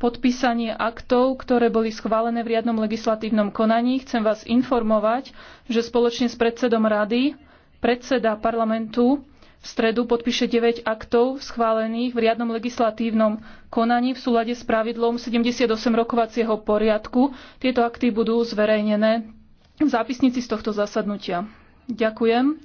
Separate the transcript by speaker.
Speaker 1: podpísanie aktov, ktoré boli schválené v riadnom legislatívnom konaní. Chcem vás informovať, že spoločne s predsedom rady predseda parlamentu v stredu podpíše 9 aktov schválených v riadnom legislatívnom konaní v súlade s pravidlom 78 rokovacieho poriadku. Tieto akty budú zverejnené v zápisnici z tohto zasadnutia. Ďakujem.